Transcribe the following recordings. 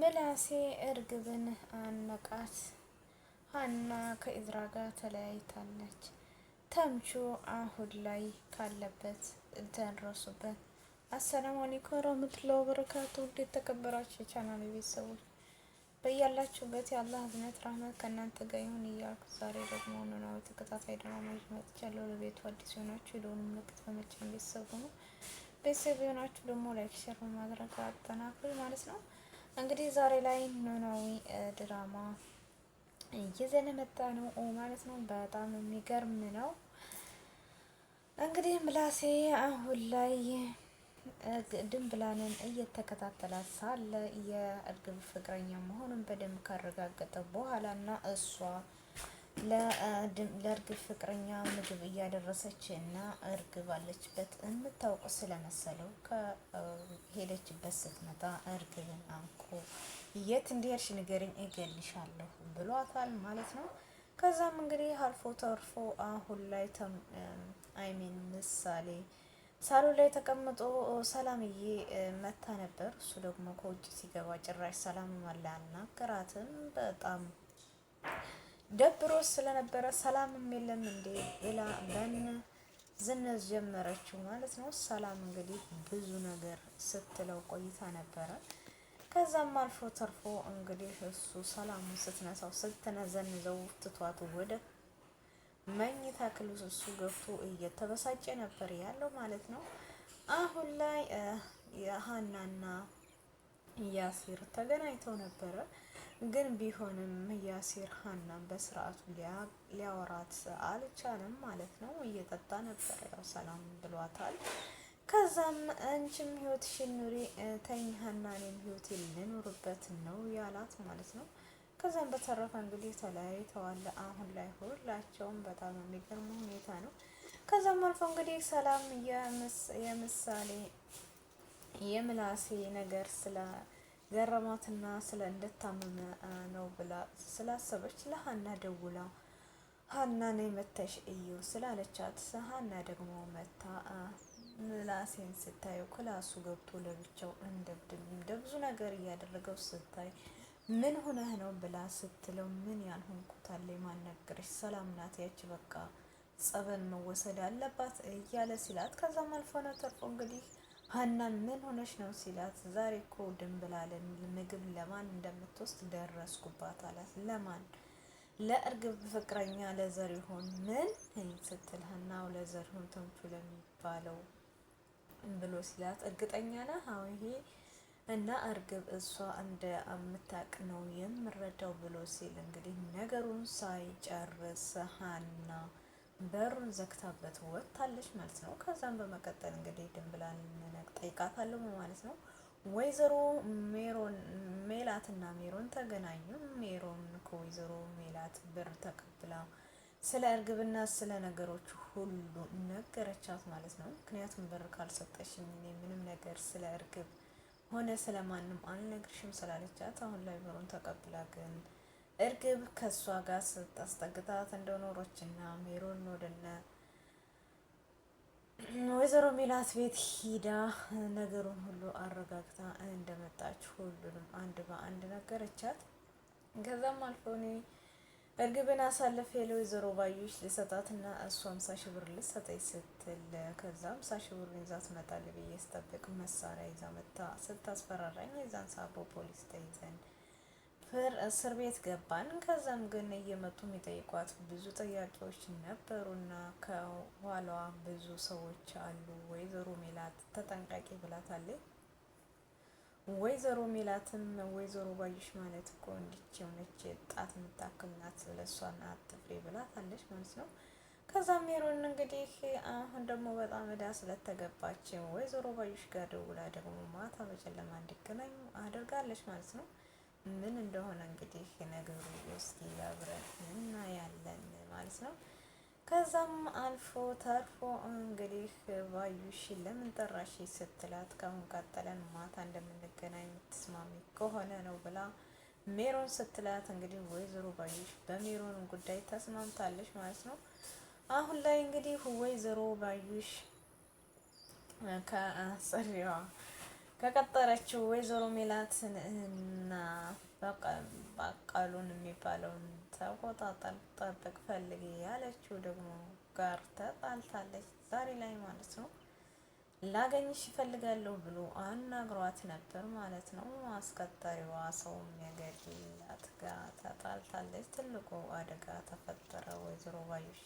ምላሴ እርግብን አነቃት። ሀና ከኢዝራ ጋር ተለያይታለች። ተምቹ አሁን ላይ ካለበት ደረሱበት። አሰላሙ አለይኩም ወረህመቱላሂ ወበረካቱ። እንዴት ተከበራችሁ የቻናል ቤተሰቦች በያላችሁበት የአላህ እዝነት ራህመት ከእናንተ ጋር ይሁን እያልኩ ዛሬ ደግሞ ኖላዊ ተከታታይ ድራማ ይዤ መጥቻለሁ። ለቤቱ አዲስ የሆናችሁ የደወል ምልክት በመጫን ቤተሰብ ሁኑ። ቤተሰብ የሆናችሁ ደግሞ ላይክ፣ ሼር በማድረግ አጠናክሩ ማለት ነው። እንግዲህ ዛሬ ላይ ኖላዊ ድራማ እየዘነ መጣ ነው ማለት ነው። በጣም የሚገርም ነው። እንግዲህ ምላሴ አሁን ላይ ድንብላንን እየተከታተላት ሳለ የእርግብ ፍቅረኛ መሆኑን በደንብ ካረጋገጠ በኋላ እና እሷ ለእርግብ ፍቅረኛ ምግብ እያደረሰች እና እርግብ አለችበት የምታውቅ ስለመሰለው ከሄደችበት ስትመጣ እርግብን አንቆ የት እንደሄድሽ ንገርኝ እገልሻለሁ ብሏታል ማለት ነው። ከዛም እንግዲህ አልፎ ተርፎ አሁን ላይ አይሜን ምሳሌ ሳሎን ላይ ተቀምጦ ሰላምዬ መታ ነበር። እሱ ደግሞ ከውጭ ሲገባ ጭራሽ ሰላም አላናገራትም በጣም ደብሮ ስለነበረ ሰላምም የለም እንዴ ብላ ዝነዝ ጀመረችው ማለት ነው። ሰላም እንግዲህ ብዙ ነገር ስትለው ቆይታ ነበረ። ከዛም አልፎ ተርፎ እንግዲህ እሱ ሰላም ስትነሳው ስትነዘንዘው ትቷት ወደ መኝታ ክልስ እሱ ገብቶ እየተበሳጨ ነበር ያለው ማለት ነው። አሁን ላይ የሀናና ያሲር ተገናኝተው ነበረ። ግን ቢሆንም ያሲር ሀና በስርዓቱ ሊያወራት አልቻለም ማለት ነው። እየጠጣ ነበር። ያው ሰላም ብሏታል። ከዛም አንቺም ህይወት ሽኑሪ ተኝ ሀና፣ እኔም ህይወቴን ልኖርበት ነው ያላት ማለት ነው። ከዛም በተረፈ እንግዲህ ተለያይተዋል። አሁን ላይ ሁላቸውም በጣም የሚገርሙ ሁኔታ ነው። ከዛም አልፎ እንግዲህ ሰላም የምሳሌ የምላሴ ነገር ስለ ገረማትና ስለ እንደታመመ ነው ብላ ስላሰበች ለሀና ደውላ ሀና ነይ መተሽ እዩ ስላለቻት ሀና ደግሞ መታ ምላሴን ስታየው ክላሱ ገብቶ ለብቻው እንደብድብ እንደብዙ ነገር እያደረገው ስታይ ምን ሆነህ ነው ብላ ስትለው ምን ያልሆንኩት አለ ሰላም ናት ያች በቃ ጸበል መወሰድ አለባት እያለ ሲላት ከዛም አልፎ ነው ተርፎ እንግዲህ ሀናን ምን ሆነች ነው ሲላት፣ ዛሬ እኮ ድንብላልን ምግብ ለማን እንደምትወስድ ደረስኩባት አላት። ለማን? ለእርግብ ፍቅረኛ ለዘሪሁን። ምን ስትል ሀናው ለዘሪሁን ተምቹ ለሚባለው ብሎ ሲላት፣ እርግጠኛ ነህ? አዎ ይሄ እና እርግብ እሷ እንደምታውቅ ነው የምረዳው ብሎ ሲል እንግዲህ ነገሩን ሳይጨርስ ሀና በሩን ዘግታበት ወጥታለች ማለት ነው። ከዛም በመቀጠል እንግዲህ ድንብላል ጠይቃታለሁ ማለት ነው። ወይዘሮ ሜሮን ሜላትና ሜሮን ተገናኙ። ሜሮን ከወይዘሮ ሜላት ብር ተቀብላ ስለ እርግብና ስለ ነገሮች ሁሉ ነገረቻት ማለት ነው። ምክንያቱም ብር ካልሰጠሽኝ እኔ ምንም ነገር ስለ እርግብ ሆነ ስለማንም አልነግርሽም ስላለቻት አሁን ላይ ብሩን ተቀብላ ግን እርግብ ከእሷ ጋር ስታስጠግታት እንደኖሮች እና ሜሮን ወደነ ወይዘሮ ሚላት ቤት ሂዳ ነገሩን ሁሉ አረጋግታ እንደመጣች ሁሉንም አንድ በአንድ ነገረቻት። ከዛም አልፎ እኔ እርግብን አሳልፌ ለወይዘሮ ልሰጣት ልሰጣትና እሷ ሃምሳ ሺህ ብር ልሰጠኝ ስትል ከዛ ሃምሳ ሺህ ብሩን ይዛ ትመጣለች ብዬ ስጠብቅ መሳሪያ ይዛ መታ ስታስፈራራኝ የዛን ሳቦ ፖሊስ ተይዘን ፍር እስር ቤት ገባን። ከዛም ግን እየመጡ የሚጠይቋት ብዙ ጥያቄዎች ነበሩና ከኋላዋ ብዙ ሰዎች አሉ። ወይዘሮ ሜላት ተጠንቃቂ ብላታለች። ወይዘሮ ሜላትም ወይዘሮ ባዩሽ ማለት እኮ እንዲች የሆነች ጣት የምታክል ናት፣ ለእሷን አትፍሪ ብላታለች ማለት ነው። ከዛ ሜሮን እንግዲህ አሁን ደግሞ በጣም እዳ ስለተገባች ወይዘሮ ባዩሽ ጋር ደውላ ደግሞ ማታ በጨለማ እንዲገናኙ አድርጋለች ማለት ነው። ምን እንደሆነ እንግዲህ ነገሩ እስኪ አብረን እናያለን ማለት ነው። ከዛም አልፎ ተርፎ እንግዲህ ባዩሽ ለምን ጠራሽ ስትላት ካሁን ቀጠለን ማታ እንደምንገናኝ የምትስማሚ ከሆነ ነው ብላ ሜሮን ስትላት እንግዲህ ወይዘሮ ባዩሽ በሜሮን ጉዳይ ተስማምታለች ማለት ነው። አሁን ላይ እንግዲህ ወይዘሮ ባዩሽ ከአሰሪዋ ከቀጠረችው ወይዘሮ ሜላትን እና በቃሉን የሚባለውን ተቆጣጠር ጠብቅ ፈልግ ያለችው ደግሞ ጋር ተጣልታለች። ዛሬ ላይ ማለት ነው ላገኝሽ ይፈልጋለሁ ብሎ አናግሯት ነበር ማለት ነው። አስከታሪዋ ሰው የሚያገድላት ጋር ተጣልታለች። ትልቁ አደጋ ተፈጠረ። ወይዘሮ ባዩሽ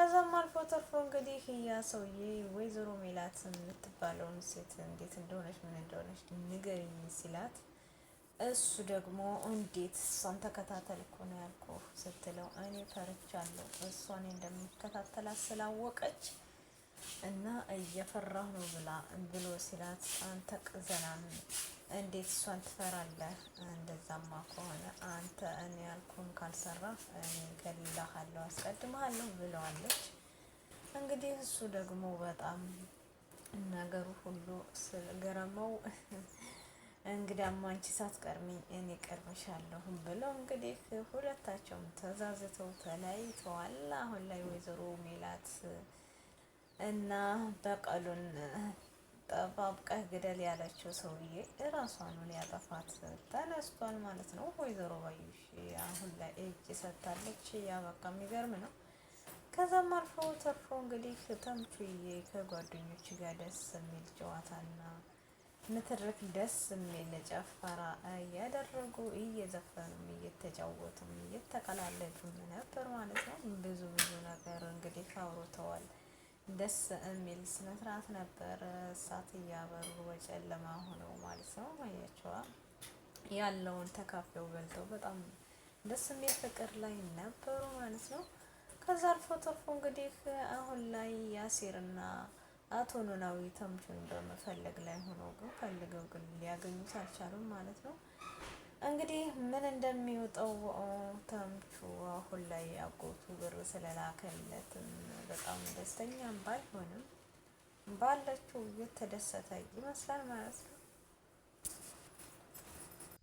ከዛም አልፎ ተርፎ እንግዲህ ያ ሰውዬ ወይዘሮ ሜላት የምትባለውን ሴት እንዴት እንደሆነች ምን እንደሆነች ንገሪኝ ሲላት እሱ ደግሞ እንዴት እሷን ተከታተል እኮ ነው ያልኩ ስትለው እኔ ፈርቻለሁ እሷ እኔ እንደምከታተላት ስላወቀች እና እየፈራሁ ነው ብላ ብሎ ሲላት አንተ ቅዘናም እንዴት እሷን ትፈራለህ? እኔ ያልኩን ካልሰራ ከሌላ ካለው አስቀድመሃለሁ ብለዋለች። እንግዲህ እሱ ደግሞ በጣም ነገሩ ሁሉ ስለገረመው እንግዲያማ አንቺ ሳትቀርሚኝ እኔ ቀርብሻለሁም ብለው እንግዲህ ሁለታቸውም ተዛዝተው ተለያይተዋል። አሁን ላይ ወይዘሮ ሜላት እና በቀሉን ጠባብቀህ ግደል ያለችው ሰውዬ እራሷኑን ያጠፋት ተነስቷል ማለት ነው። ወይዘሮ ባዩሽ አሁን ላይ እጅ ሰጥታለች። ያበቃ የሚገርም ነው። ከዛም አልፎ ተርፎ እንግዲህ ተምቹዬ ከጓደኞች ጋር ደስ የሚል ጨዋታና ንትርክ ደስ የሚል ጨፈራ እያደረጉ እየዘፈኑም እየተጫወቱም እየተቀላለዱም ነበር ማለት ነው። ብዙ ብዙ ነገር እንግዲህ አውርተዋል። ደስ የሚል ስነስርዓት ነበር። እሳት እያበሩ በጨለማ ሆነው ማለት ነው። አያቸዋ ያለውን ተካፍለው በልተው በጣም ደስ የሚል ፍቅር ላይ ነበሩ ማለት ነው። ከዛ አልፎ ተርፎ እንግዲህ አሁን ላይ ያሲርና አቶ ኖላዊ ተምቹን በመፈለግ ላይ ሆኖ ግን ፈልገው ግን ሊያገኙት አልቻሉም ማለት ነው። እንግዲህ ምን እንደሚወጣው ተምቹ አሁን ላይ አጎቱ ብር ስለላከለትም በጣም ደስተኛም ባይሆንም ባለችው እየተደሰተ ይመስላል ማለት ነው።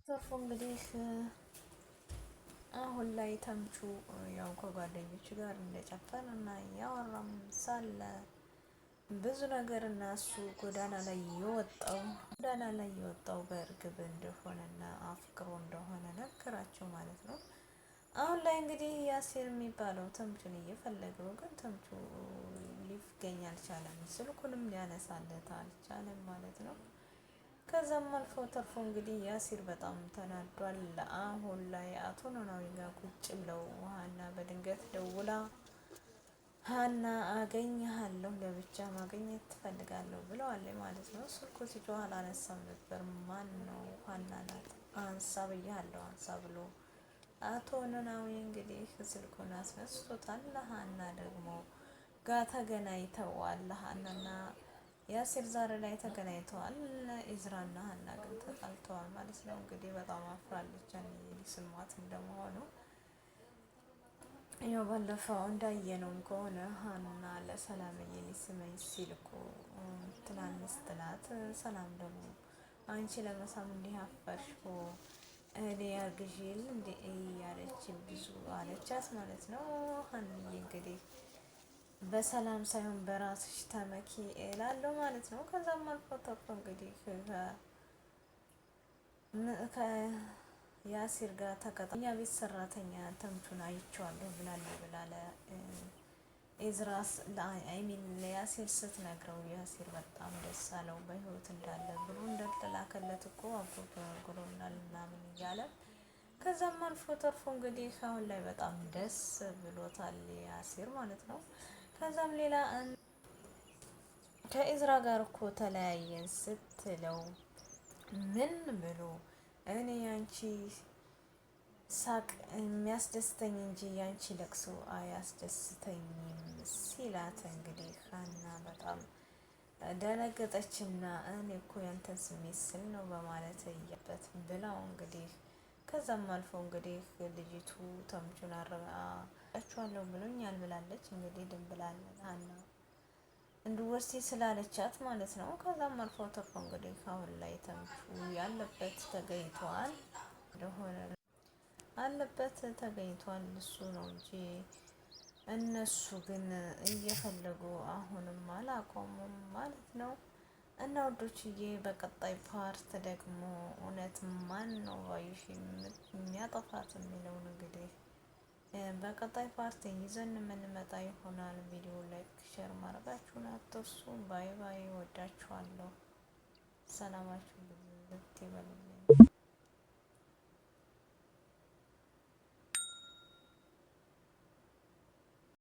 ዘርፉ እንግዲህ አሁን ላይ ተምቹ ያው ከጓደኞች ጋር እንደጨፈረ እና እያወራም ሳለ ብዙ ነገር እና እሱ ጎዳና ላይ የወጣው ጎዳና ላይ የወጣው በእርግብ እንደሆነና አፍቅሮ እንደሆነ ነገራቸው ማለት ነው። አሁን ላይ እንግዲህ ያሴር የሚባለው ተምቹን እየፈለገው ግን ተምቹ ሊገኝ አልቻለም። ስልኩንም ሊያነሳለት አልቻለም ማለት ነው። ከዛም አልፎ ተርፎ እንግዲህ ያሲር በጣም ተናዷል። አሁን ላይ አቶ ኖላዊ ጋር ቁጭ ብለው ውሃና በድንገት ደውላ ሀና አገኘሃለሁ ለብቻ ማግኘት ትፈልጋለሁ ብለዋል ማለት ነው። ስልኩ ልጇ አላነሳም ነበር። ማን ነው? ሀና ናት። አንሳ ብያለሁ አንሳ ብሎ አቶ ኖላዊ እንግዲህ ስልኩን አስነስቶታል። ለሀና ደግሞ ጋ ተገናኝተዋል። ለሀናና ያሲር ዛሬ ላይ ተገናኝተዋል። ኢዝራና ሀና ግን ተጣልተዋል ማለት ነው። እንግዲህ በጣም አፍራለች ስሟት እንደመሆኑ ያው ባለፈው እንዳየነውም ከሆነ ሀኑና ለሰላምዬ ሊስመኝ ሲል እኮ ትናንስ ትላት ሰላም ደግሞ አንቺ ለመሳም እንዲህ አፈርሽ እኮ እኔ ያርግዥል እንደ እያለች ብዙ አለቻት ማለት ነው። ሀኑዬ እንግዲህ በሰላም ሳይሆን በራስሽ ተመኪ እላለሁ ማለት ነው። ከዛም አልፎ ተርፎ እንግዲህ የአሲር ጋር ተቀጣ እኛ ቤት ሰራተኛ ተምቱን አይቼዋለሁ ብላለች ብላለ ኤዝራ አይሚን ለያሲር ስትነግረው ያሲር በጣም ደስ አለው። በህይወት እንዳለ ብሎ እንደተላከለት እኮ አጎቶ ነግሮናል ምናምን እያለ ከዛም አልፎ ተርፎ እንግዲህ አሁን ላይ በጣም ደስ ብሎታል ያሲር ማለት ነው። ከዛም ሌላ ከኤዝራ ጋር እኮ ተለያየን ስትለው ምን ብሎ እኔ ያንቺ ሳቅ የሚያስደስተኝ እንጂ ያንቺ ለቅሶ አያስደስተኝም ሲላት እንግዲህ ሀና በጣም ደነገጠችና እኔ እኮ ያንተን ስሜት ስል ነው በማለት እያበት ብላው እንግዲህ ከዛም አልፎ እንግዲህ ልጅቱ ተምቹን አረጋችኋለሁ ብሎኛል ብላለች። እንግዲህ ድንብላለን ሀና እንድወስድ ስላለቻት ማለት ነው። ከዛም አልፎ ተርፎ እንግዲህ ካሁን ላይ ተምቹ ያለበት ተገኝቷል እንደሆነ አለበት ተገኝቷል እሱ ነው እንጂ እነሱ ግን እየፈለጉ አሁንም አላቆሙም ማለት ነው። እና ወዶችዬ በቀጣይ ፓርት ደግሞ እውነት ማን ነው ባዩሽ የሚያጠፋት የሚለውን እንግዲህ በቀጣይ ፓርት ይዘን የምንመጣ ይሆናል። ቪዲዮ ላይክ፣ ሼር ማድረጋችሁን አትርሱ። ባይ ባይ። ወዳችኋለሁ። ሰላማችሁ ብዙ ይበልልኝ።